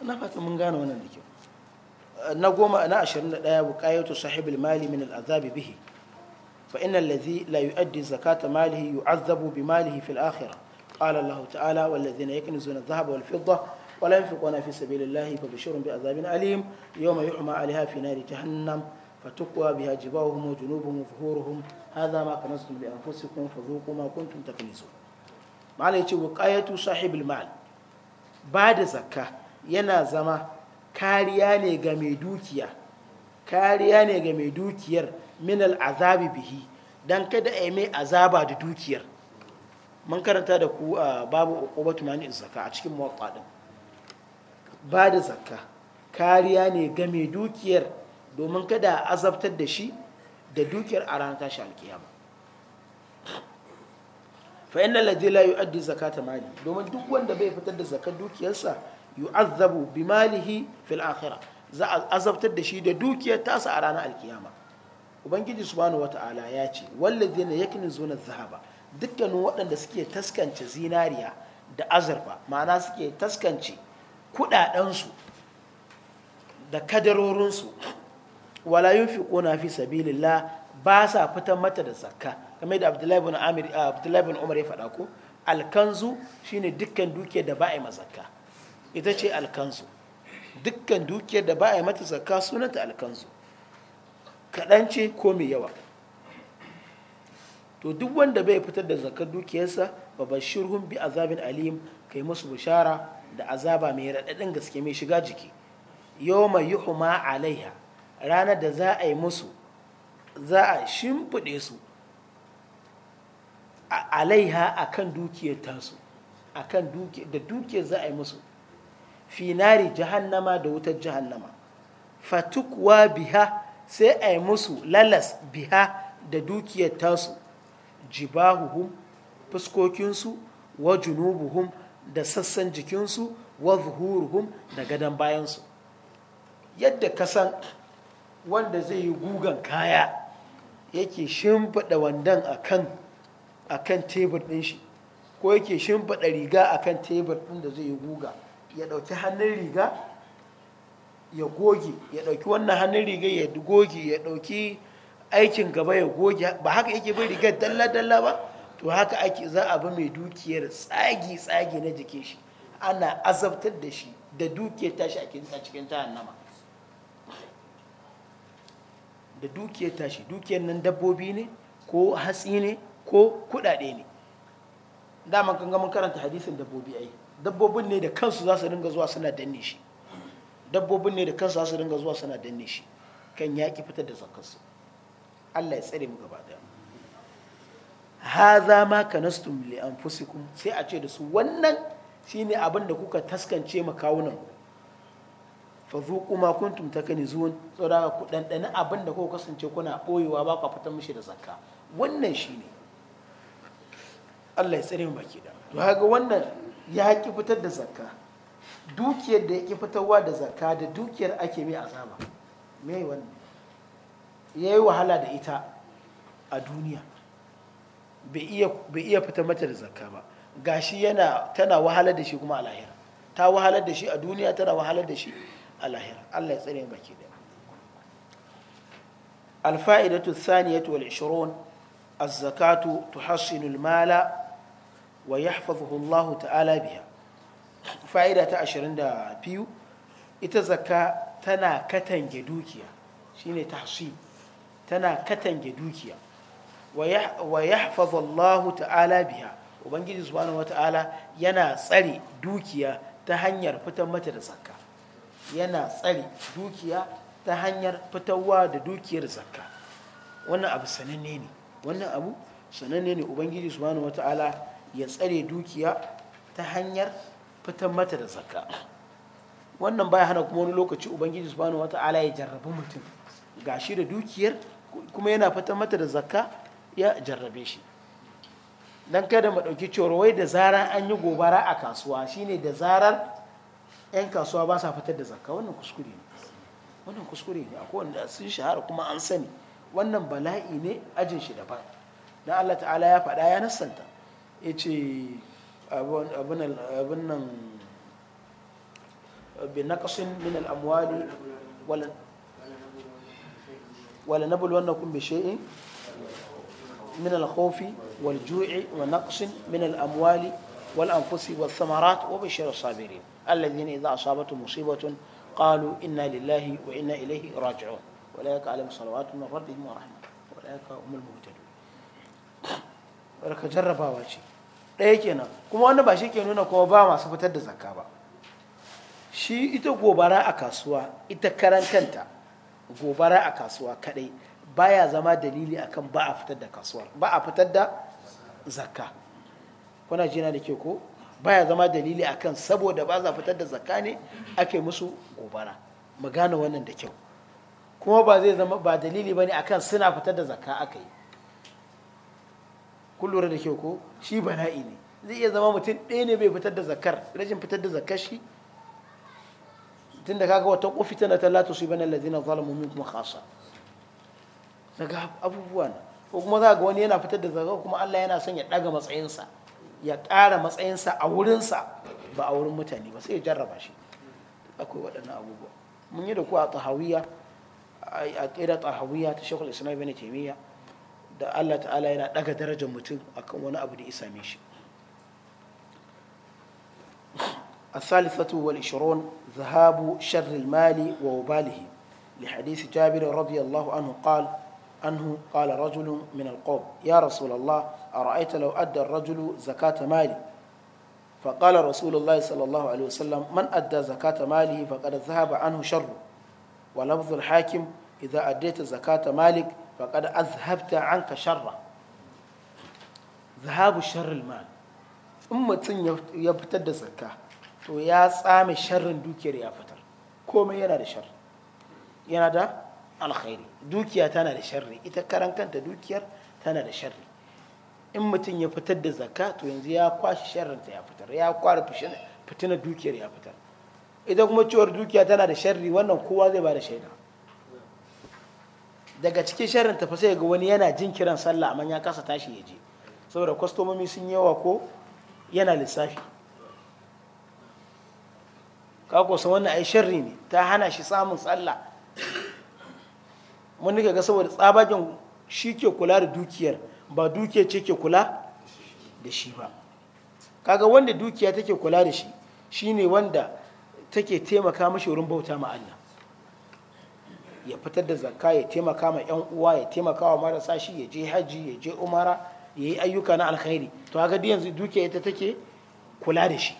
na fata mun gane wannan da kyau na goma na ashirin da ɗaya buƙayatu sahibul mali min al'azabi bihi fa inna allazi la yu'addi zakata malihi yu'azzabu bi malihi fil akhirah قال الله تعالى والذين يكنزون الذهب والفضة ولا ينفقون في سبيل الله فبشرهم بعذاب أليم يوم يحمى عليها في نار جهنم فتقوى بها جباههم وجنوبهم وظهورهم هذا ما كنزتم لأنفسكم فذوقوا ما كنتم تكنزون ما يتي وقاية صاحب المال بعد زكاة ينا زما kariya ne ga mai dukiya kariya ne ga mai dukiyar min al'azabi bihi don kada a yi mai azaba da dukiyar mun karanta da ku a babu uqubatu mani zakka a cikin muwatta din ba da zakka kariya ne ga mai dukiyar domin kada a azabtar da shi da dukiyar a ranar tashi alkiyama fa innal ladhi la yu'addi zakata mali domin duk wanda bai fitar da zakar dukiyarsa yu'azzabu bi malihi fil akhirah za a azabtar da shi da dukiyar tasa a ranar alkiyama ubangiji subhanahu wata'ala ya ce wallazina yaknizuna zahaba. dukkanin waɗanda suke taskance zinariya da azurfa ma'ana suke taskance kuɗaɗensu da kadarorinsu wala yin fi ƙona fi sabilillah ba sa fitan mata da zakka kamar da abdullahi bin ah, umar ya faɗa ko alkanzu shine dukkan dukiyar da ba'a yi mazakka ita ce alkanzu dukkan dukiyar da ba'a yi mata zakka sunanta alkanzu Kaɗance ko mai yawa to duk wanda bai fitar da zakar dukiyarsa ba shirhun bi azabin alim kai musu bishara da azaba mai raɗaɗin gaske mai shiga jiki yi ma alaiha ranar da za a yi musu za a shimfiɗe su alaiha kan dukiyar tasu da dukiyar za a yi musu finari jahannama da wutar jahannama fatukwa biha sai a yi musu lalas biha da dukiyar tasu jibahuhum fuskokinsu wa junubuhum da sassan jikinsu wa zuhuruhum da gadon bayansu yadda ka san wanda zai yi gugan kaya yake shimfiɗa wandan a kan tebur ɗin shi ko yake shimfiɗa riga a kan tebur ɗin da zai yi guga ya ɗauki hannun riga ya goge ya ɗauki wannan hannun riga ya goge ya ɗauki aikin gaba ya goge ba haka yake bai rigar dalla-dalla ba to haka ake za a bi mai dukiyar tsagi-tsagi na jike shi ana azabtar da shi da dukiyar tashi a cikin jahannama da dukiyar tashi dukiyar nan dabbobi ne ko hatsi ne ko kudade ne dama kan gama karanta hadisin dabbobi ai dabbobin ne da kansu za su dinga zuwa suna danne shi dabbobin ne da kansu za su dinga zuwa suna danne shi kan yaƙi fitar da zakarsu Allah ya tsare mu gaba Ha haza ma kanastum li anfusikum sai a ce da su wannan shine abin da kuka taskance ma kawunan fa zuqu ma kuntum takanizun tsoraka ku ɗanɗani abin da kuka kasance kuna ɓoyewa ba ku fitar mishi da zakka wannan shine Allah ya tsare mu baki da to haka wannan ya haƙi fitar da zakka dukiyar da ya ƙi fitarwa da zakka da dukiyar ake mai azaba me wannan yayi wahala da ita a duniya bai iya fita mata da zakka ba gashi yana tana wahalar da shi kuma a lahira ta wahalar da shi a duniya tana wahalar da shi a lahira allah ya tsare baki ɗaya alfa'idatu saniyatu wal ishirun azzakatu tuhassinu almala wa yahfazuhu allah ta'ala biya fa'ida ta 22 ita zakka tana katange dukiya shine tahsin tana katange dukiya wa yahfazu Allah ta'ala biha ubangiji subhanahu wata'ala yana tsare dukiya ta hanyar fitar mata da zakka yana tsare dukiya ta hanyar fitarwa da dukiyar zakka wannan abu sananne ne wannan abu sananne ne ubangiji subhanahu wata'ala ya tsare dukiya ta hanyar fitar mata da zakka wannan baya hana kuma wani lokaci ubangiji subhanahu wata'ala ya jarrabi mutum gashi da dukiyar kuma yana fata mata da zakka ya jarrabe shi don kada mu ɗauki cewar wai da zarar an yi gobara a kasuwa shine da zarar 'yan kasuwa ba sa fitar da zakka wannan kuskure ne wannan kuskure ne akwai wanda sun shahara kuma an sani wannan bala'i ne ajin shi daban don allah ta'ala ya faɗa ya nassanta ya ce abin nan bin naƙasin wala nabluwannakum bi min al-khawfi wal wa naqsin min al-amwali والأنفس والثمرات وبشر الصابرين الذين إذا أصابتهم مصيبة قالوا إنا لله وإنا إليه راجعون ولك عليهم صلوات من ربهم ورحمة ولك هم المهتدون ولك جربا شيء ɗaya kenan kuma wannan ba shi ke nuna kuma ba masu fitar da zakka ba shi ita gobara a kasuwa ita karantanta gobara a kasuwa kadai baya zama dalili akan ba a fitar da kasuwar ba a fitar da zakka kuna jina da ke ko baya zama dalili akan saboda ba za fitar da zakka ne ake musu gobara mu gane wannan da kyau kuma ba zai zama ba dalili bane akan suna fitar da zakka aka yi kun da kyau ko shi bana'i ne zai iya zama mutum ɗaya ne bai fitar da zakkar rashin fitar da zakkar shi tunda kaga wata qufitana ta la tusibana alladhina zalamu minkum khassa daga abubuwa na ko kuma za ga wani yana fitar da zaka kuma Allah yana son ya daga matsayinsa ya ƙara matsayinsa a wurinsa ba a wurin mutane ba sai ya jarraba shi akwai waɗannan abubuwa mun yi da ku a tahawiyya a ƙira tahawiyya ta shekul islam ibn taimiyya da Allah ta'ala yana daga darajar mutum akan wani abu da ya same shi الثالثة والعشرون ذهاب شر المال ووباله لحديث جابر رضي الله عنه قال عنه قال رجل من القوم يا رسول الله أرأيت لو أدى الرجل زكاة مالي فقال رسول الله صلى الله عليه وسلم من أدى زكاة ماله فقد ذهب عنه شره ولفظ الحاكم إذا أديت زكاة مالك فقد أذهبت عنك شره ذهاب شر المال أمة يبتد زكاه to ya tsame sharrin dukiyar ya fitar komai yana da sharri yana da alkhairi dukiya tana da sharri ita karan kanta dukiyar tana da sharri in mutum ya fitar da zakka to yanzu ya kwashi sharrinta ya fitar ya kwara fitina dukiyar ya fitar idan kuma cewar dukiya tana da sharri wannan kowa zai ba da shaida daga cikin sharrin tafi sai ga wani yana jin kiran sallah amma ya kasa tashi ya je saboda kwastomomi sun yawa ko yana lissafi ka ko wannan ai sharri ne ta hana shi samun tsalla mun ga saboda tsabagen shi ke kula da dukiyar ba dukiyar ce ke kula da shi ba kaga wanda dukiya take kula da shi shi ne wanda take taimaka mashi wurin bauta ma Allah ya fitar da zakka ya taimaka ma yan uwa ya taimaka wa marasa shi ya je haji ya je umara ya yi ayyuka na alkhairi to haka yanzu dukiya ita take kula da shi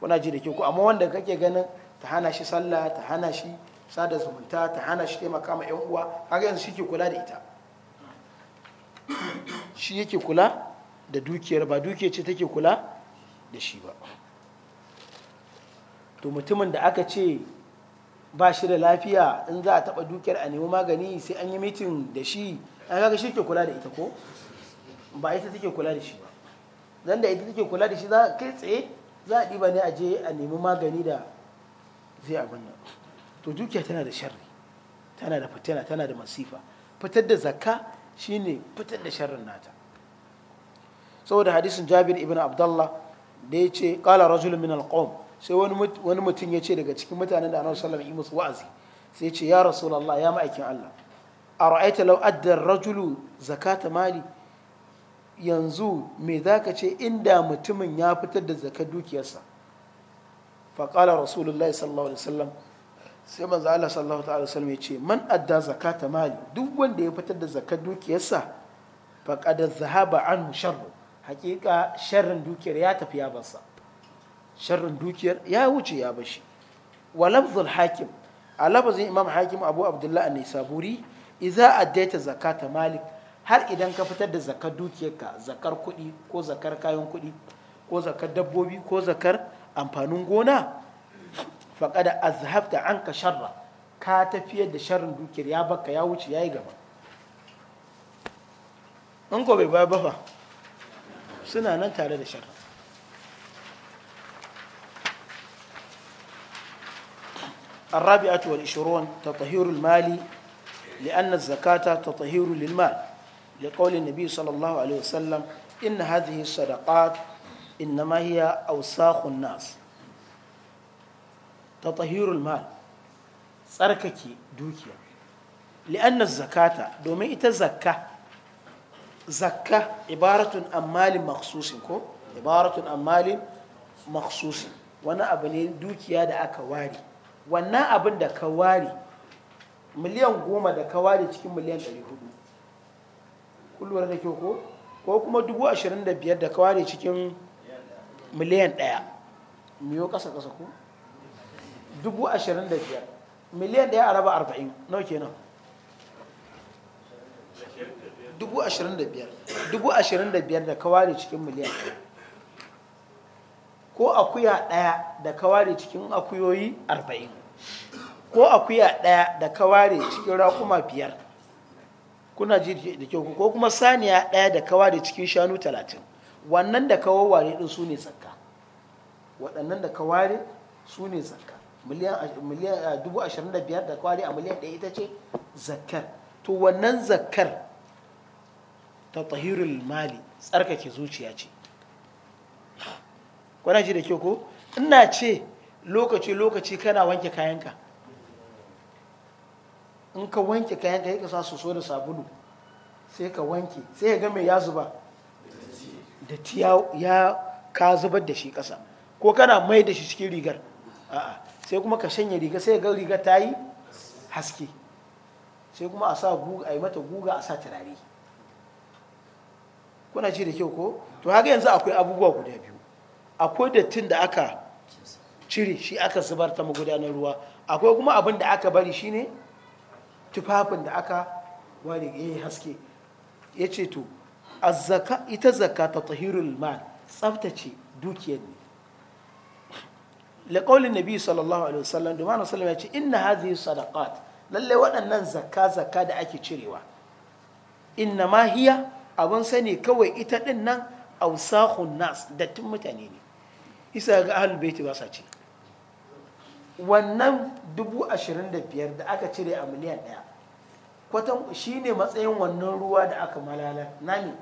kuna ji da ke ku amma wanda kake ganin ta hana shi sallah ta hana shi sada zumunta ta hana shi taimaka ma yan uwa kaga yanzu shi ke kula da ita shi yake kula da dukiyar ba dukiyar ce take kula da shi ba to mutumin da aka ce ba shi da lafiya in za a taba dukiyar a nemi magani sai an yi mitin da shi an kaga shi ke kula da ita ko ba ita take kula da shi ba zan da ita take kula da shi za kai tsaye za a ɗiba ne a je a nemi magani da zai abin nan to dukiya tana da sharri tana da fitina tana da masifa fitar da zakka shine fitar da sharrin nata saboda hadisin jabir ibn abdullah da ya ce kala rajulun min alqawm sai wani mutum ya ce daga cikin mutanen da annabi sallallahu alaihi wasallam wa'azi sai ya ce ya rasulullah ya ma'aikin Allah ara'aita law adda rajulu zakata mali yanzu me za ka ce inda mutumin ya fitar da zaka dukiyarsa faƙala rasulullahi sallallahu alaihi wasallam sai manzo Allah sallallahu alaihi wasallam ya ce man adda zakata mali duk wanda ya fitar da zaka dukiyarsa faqad zahaba anhu sharru hakika sharrin dukiyar ya tafi ya barsa sharrin dukiyar ya wuce ya bashi wa lafzul hakim a lafazin imam hakim abu Abdullahi an-nisaburi idza addaita zakata malik har idan ka fitar da zakar dukiyarka zakar kuɗi ko zakar kayan kuɗi ko zakar dabbobi ko zakar amfanin gona da azhabta an ka sharra ka tafiyar da sharrin dukiyar ya baka ya wuce ya yi gaba in ko bai baya bafa suna nan tare da sharra الرابعة والعشرون تطهير المال لأن الزكاة تطهير للمال لقول النبي صلى الله عليه وسلم إن هذه الصدقات إنما هي أوساخ الناس تطهير المال تركك دوكيا لأن الزكاة دومي إتا زكاة زكاة عبارة عن مال مخصوص كو عبارة عن مال مخصوص وانا أبني دوكيا دا أكواري وانا أبن دا كواري miliyan goma da kawari cikin miliyan ɗari hudu kullum da ke ko ko kuma dubu ashirin da biyar da kaware cikin miliyan ɗaya miyo kasa kasa ko dubu ashirin da biyar miliyan ɗaya a raba arba'in nau kenan dubu ashirin da biyar dubu ashirin da biyar da kaware cikin miliyan ko akuya ɗaya da kawai cikin akuyoyi arba'in ko akuya ɗaya da kawai cikin rakuma biyar kuna ji da kyau ko kuma saniya ɗaya da kawa da cikin shanu talatin wannan da kawo ware ɗin su ne tsakka waɗannan da kaware su ne tsakka miliyan dubu ashirin da biyar da kaware a miliyan ɗaya ita ce zakkar to wannan zakkar ta tahirul mali tsarkake zuciya ce kuna ji da kyau ko ina ce lokaci lokaci kana wanke kayanka in ka wanke kayan ka yi sa su so da sabulu sai ka wanke sai ya ga mai ya zuba da ya ka zubar da shi ƙasa ko kana mai da shi cikin rigar sai kuma ka shanye riga sai ga riga ta yi haske sai kuma a sa guga a yi mata guga a sa turare kuna ci da kyau ko to haka yanzu akwai abubuwa guda biyu akwai dattin da aka cire shi aka zubar ta magudanar ruwa akwai kuma abin da aka bari shine tufafin da aka ware yi eh, haske ya ce to ita zaka ta tahirul mal tsaftace dukiyar ne laƙaulin nabi sallallahu alaihi wasallam da mana sallama ya ce inna hazi sadaqat lalle waɗannan zakka zaka da ake cirewa inna ma hiya abin sani kawai ita ɗin nan ausahun nas dattin mutane ne isa ga ahlul baiti ba sa ce wannan dubu ashirin da biyar da aka cire a miliyan ɗaya kwatan shi ne matsayin wannan ruwa da aka malala na ne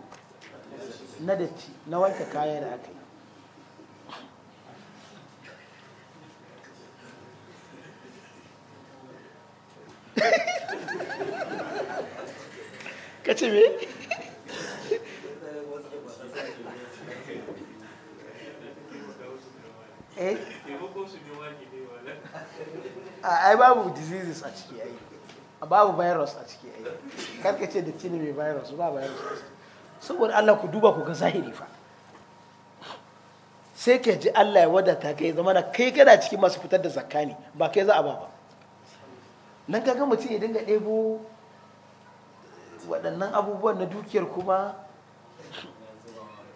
na datti na wanke kaya da aka yi *laughs* *laughs* eh ai babu diseases a ciki ai babu virus a ciki ai karka ce da tini mai virus ba virus saboda Allah ku duba ku ga zahiri fa sai ka ji Allah ya wadata kai zama na kai kana cikin masu fitar da zakka ne ba kai za a ba ba nan kaga mutum ya dinga ɗebo waɗannan abubuwan na dukiyar kuma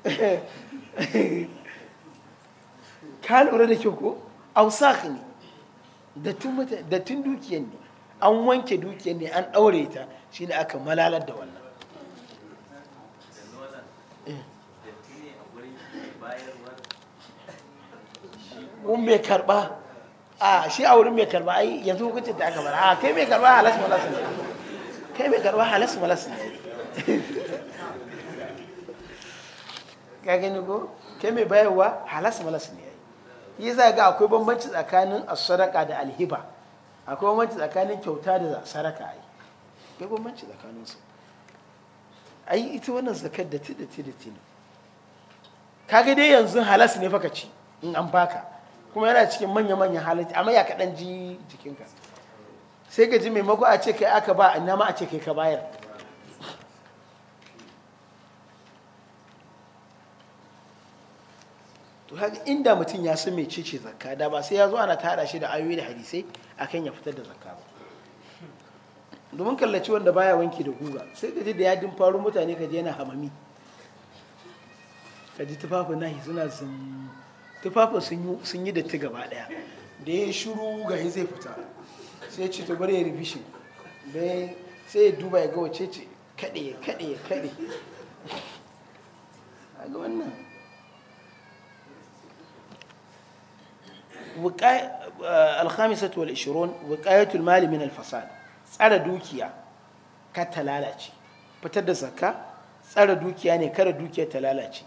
*laughs* ka lura da kyau ko ausak ne da tun dukiyar ne an wanke dukiyar ne an ɗaure ta shi ne aka malalar da wannan eh. un mai karba a shi a wurin mai karba ai yanzu hukuncin da aka bara a kai mai karba halas malas ne kai mai karba halas malas ne *laughs* ka gani ko kai mai bayarwa halas malas ne yi za ga akwai bambanci tsakanin sadaka da alhiba akwai bambanci tsakanin kyauta da sadaka ai akwai bambanci tsakanin su ai ita wannan zakar da ti da ti da ti ne kaga dai yanzu halas ne faka ci in an baka kuma yana cikin manya manyan halatta amma ya kaɗan ji jikinka sai ka ji maimako a ce kai aka ba nama a ce kai ka bayar to haka inda mutum ya san mece ce zakka da ba sai ya zo ana tada shi da ayoyi da hadisai akan ya fitar da zakka ba domin kallaci wanda baya wanki da guga sai ka ji da yadin faru mutane ka je yana hamami ka ji tufafin nahi suna sun tufafin sun yi datti gaba daya da ya shuru ga zai fita sai ce ta bari ya shi sai ya duba ya ga wace ce kaɗe kaɗe kaɗe a ga wannan alhamisat wal ishirun wiƙayatul mali min alfasad tsara dukiya ka ta lalace fitar da zakka tsara dukiya ne kada dukiya ta lalace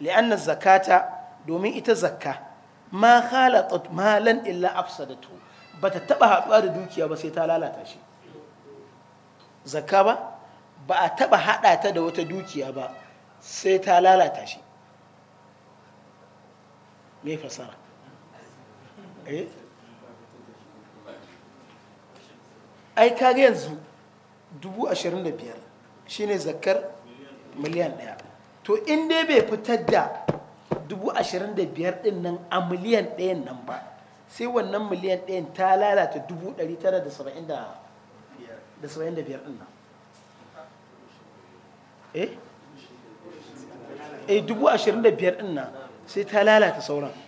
li'anna zakata domin ita zakka ma khalatat malan illa afsadatu bata taba haɗuwa da dukiya ba sai ta lalata shi zakka ba a taɓa haɗa ta da wata dukiya ba sai ta lalata shi me fasara Eh? ai kaga yanzu dubu ashirin da biyar zakar miliyan daya to in dai bai fitar da dubu ashirin da biyar nan a miliyan dayan nan ba sai wannan miliyan dayan ta lalata dubu din da saba'in da biyar nan eh? eh dubu ashirin da biyar nan sai ta lalata sauran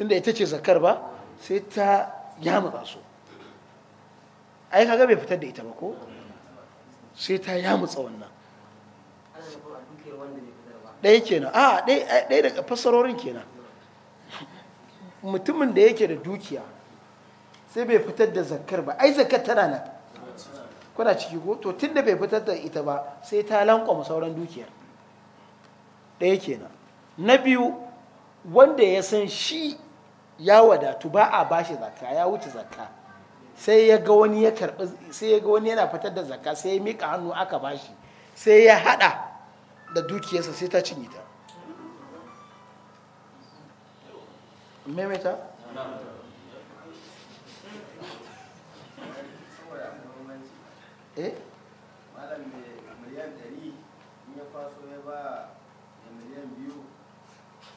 tunda ita ce zakar ba sai ta za su ai kaga bai fitar da ita ba ko sai ta tsawon nan ɗaya kenan a ɗaya daga fassarorin kenan mutumin da yake da dukiya sai bai fitar da zakar ba ai zakar tana nan kuna ciki ko to tun da bai fitar da ita ba sai ta lankwama sauran dukiyar ɗaya kenan na biyu wanda ya san shi ya wadatu ba a bashi zakka ya wuce zakka sai ya ga wani ya karbi sai ya ga wani yana fitar da zakka sai ya mika hannu aka bashi sai ya hada da dukiyarsa sai ta cinye ta memeta eh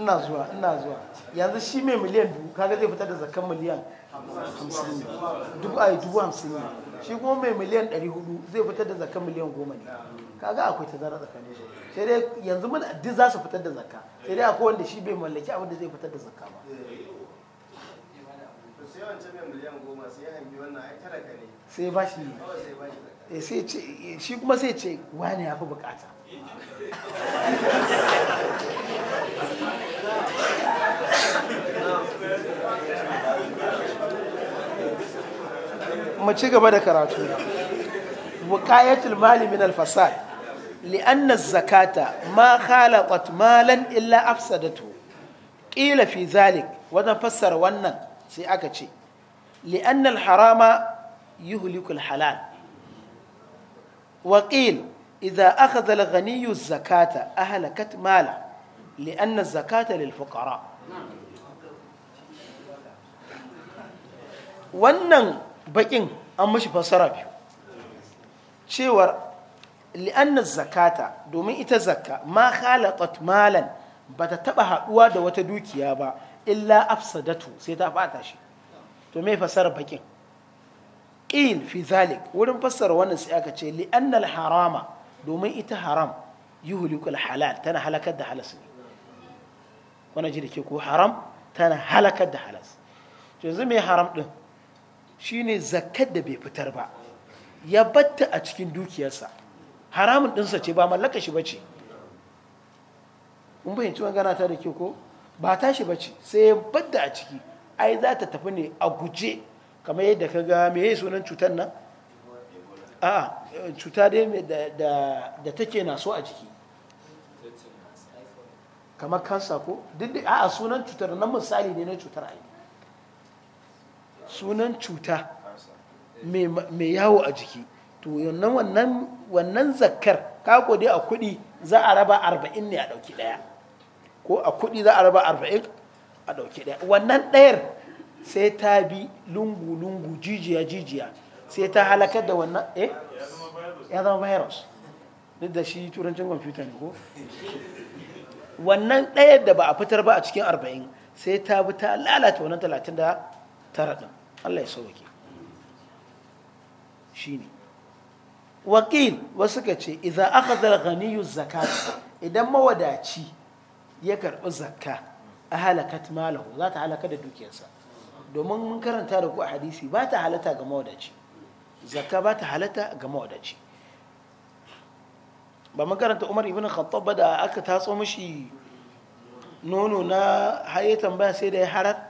ina zuwa ina zuwa yanzu shi mai miliyan biyu kaga zai fitar da zakan miliyan hamsin ne dubu ai dubu hamsin ne shi kuma mai miliyan ɗari hudu zai fitar da zakan miliyan goma ne kaga akwai ta zara tsakanin su sai dai yanzu mun duk za su fitar da zakka sai dai akwai wanda shi bai mallaki abin da zai fitar da zakka ba sai ba shi ne sai eh, ce shi kuma sai ce wani ya fi bukata mu ci gaba da karatu buƙayat mali لأن الزكاة ما خالقت مالا إلا أفسدته قيل في ذلك ونفسر ونن سيأكتشي لأن الحرام يهلك الحلال وقيل idza aka zala ghaniyyu zakata ahlakat mala li'anna zakata wannan bakin an mashi fasara biyu cewar li'annar zakata domin ita zakka ma khalaqat malan bata taba haduwa da wata dukiya ba illa afsadatu sai ta bata shi to me fasara bakin qil fi zalik wurin fassara wannan sai aka ce li'anna harama domin ita haram yuhlikul halal tana halakar da halas ne wannan ji da ke ko haram tana halakar da halas yanzu mai haram din shine zakat da bai fitar ba ya batta a cikin dukiyarsa haramun dinsa ce ba mallaka shi bace in bayyanci magana ta da ke ko ba ta shi bace sai ya batta a ciki ai za ta tafi ne a guje kamar yadda ka ga meye sunan cutar nan a cuta dai da take na so a jiki kamar kansa ko duk a sunan cutar nan misali ne na cutar ai sunan cuta mai yawo a jiki to wannan wannan zakar kako dai a kudi za a raba arba'in ne a dauki daya ko a kudi za a raba arba'in a dauki daya wannan dayar sai ta bi lungu-lungu jijiya-jijiya sai ta halakar da wannan eh ya zama virus duk da shi turancin kwamfuta ne ko wannan ɗaya da ba a fitar ba a cikin arba'in sai ta bi ta lalata wannan talatin da tara ɗin allah ya sauke shi ne wakil wasu ka ce idan aka zarganiyu zaka idan mawadaci ya karɓi zakka a halakat malahu za ta halaka da dukiyarsa domin mun karanta da ku a hadisi ba ta halata ga mawadaci zakka ba ta halatta ga mawadaci ba makaranta umar ibn khattab ba da aka tatso mashi nono na haye tambaya sai da ya harar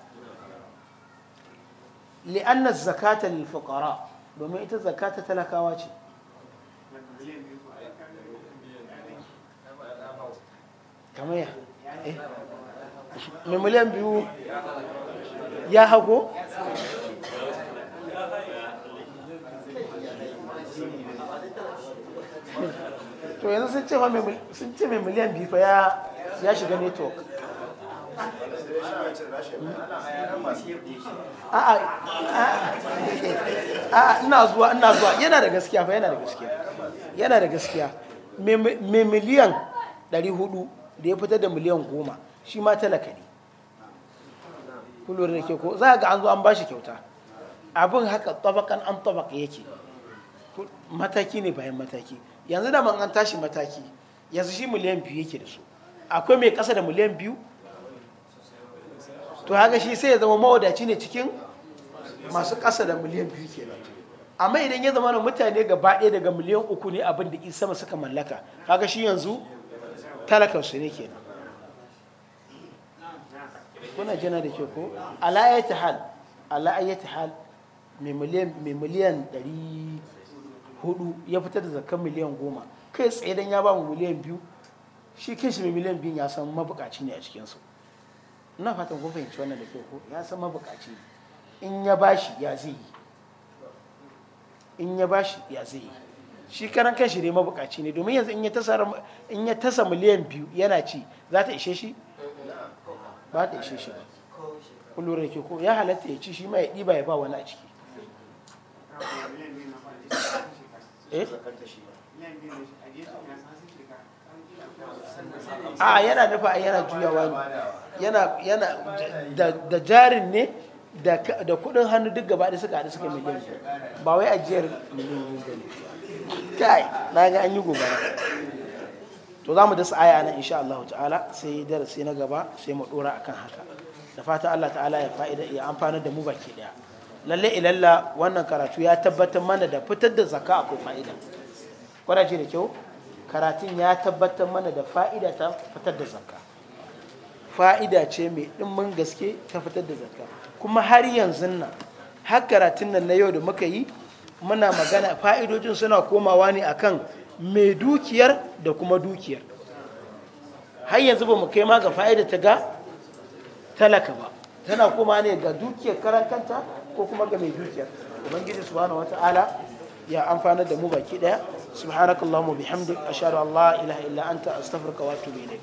li'anna zakata lil fuqara domin ita zakata talakawa ce kamar ya eh. mai miliyan biyu ya hago to yanzu sun ce mai miliyan biyu fa ya shiga network a'a ina zuwa ina zuwa yana da gaskiya fa yana da gaskiya yana da gaskiya mai miliyan 400 da ya fitar da miliyan 10 shi ma talaka ne kullum ke ko za ga an zo an bashi kyauta abin haka tabakan an tabaka yake mataki ne bayan mataki yanzu da man an tashi mataki yanzu shi miliyan biyu yake da su akwai mai kasa da miliyan biyu to haka shi sai ya zama mawadaci ne cikin masu kasa da miliyan biyu kenan amma idan ya zama mutane gaba ɗaya daga miliyan uku ne abin da sama suka mallaka haka shi yanzu talakansu ne kenan kuna jana da ke ko ala hal ala hal mai miliyan ɗari hudu ya fitar da zakar miliyan goma kai tsaye dan ya ba mu miliyan biyu shi shi mai miliyan biyu ya san mabukaci ne a cikinsu ina fatan kuma fahimci wannan da kyau ko ya san mabukaci ne in ya bashi ya zai yi in ya bashi ya zai yi shi karan kanshi dai mabukaci ne domin yanzu in ya tasa miliyan biyu yana ci za ta ishe shi ba ta ishe shi ba kullum da ke ko ya halatta ya ci shi ma ya ɗiba ya ba wani a ciki Eh? a yana nufa a yana juyawa ne yana da jarin ne da kudin hannu duk gaba da suka haɗu suka miliyan ba wai ajiyar miliyan ne kai na ga an yi gobara to za mu dasa aya nan insha Allah ta'ala sai darasi na gaba sai mu dora akan haka da fata Allah ta'ala ya fa'ida ya amfana da mu baki daya lalle ilalla wannan karatu ya tabbatar mana da fitar da zaka akwai fa'ida kwanaci da kyau karatun ya tabbatar mana da fa'ida ta fitar da zaka fa'ida ce mai dimmin gaske ta fitar da zaka kuma har yanzu nan har karatun nan na yau da muka yi muna magana fa'idojin suna komawa ne akan mai dukiyar da kuma dukiyar har yanzu ba mu kai ma ga fa'ida ta ga talaka ba tana koma ne ga dukiyar karan ko kuma ga mai dukiyar ubangiji subhanahu wata'ala ya amfanar da mu baki daya subhanakallahumma bihamdik ashhadu an la ilaha illa anta astaghfiruka wa atubu ilaik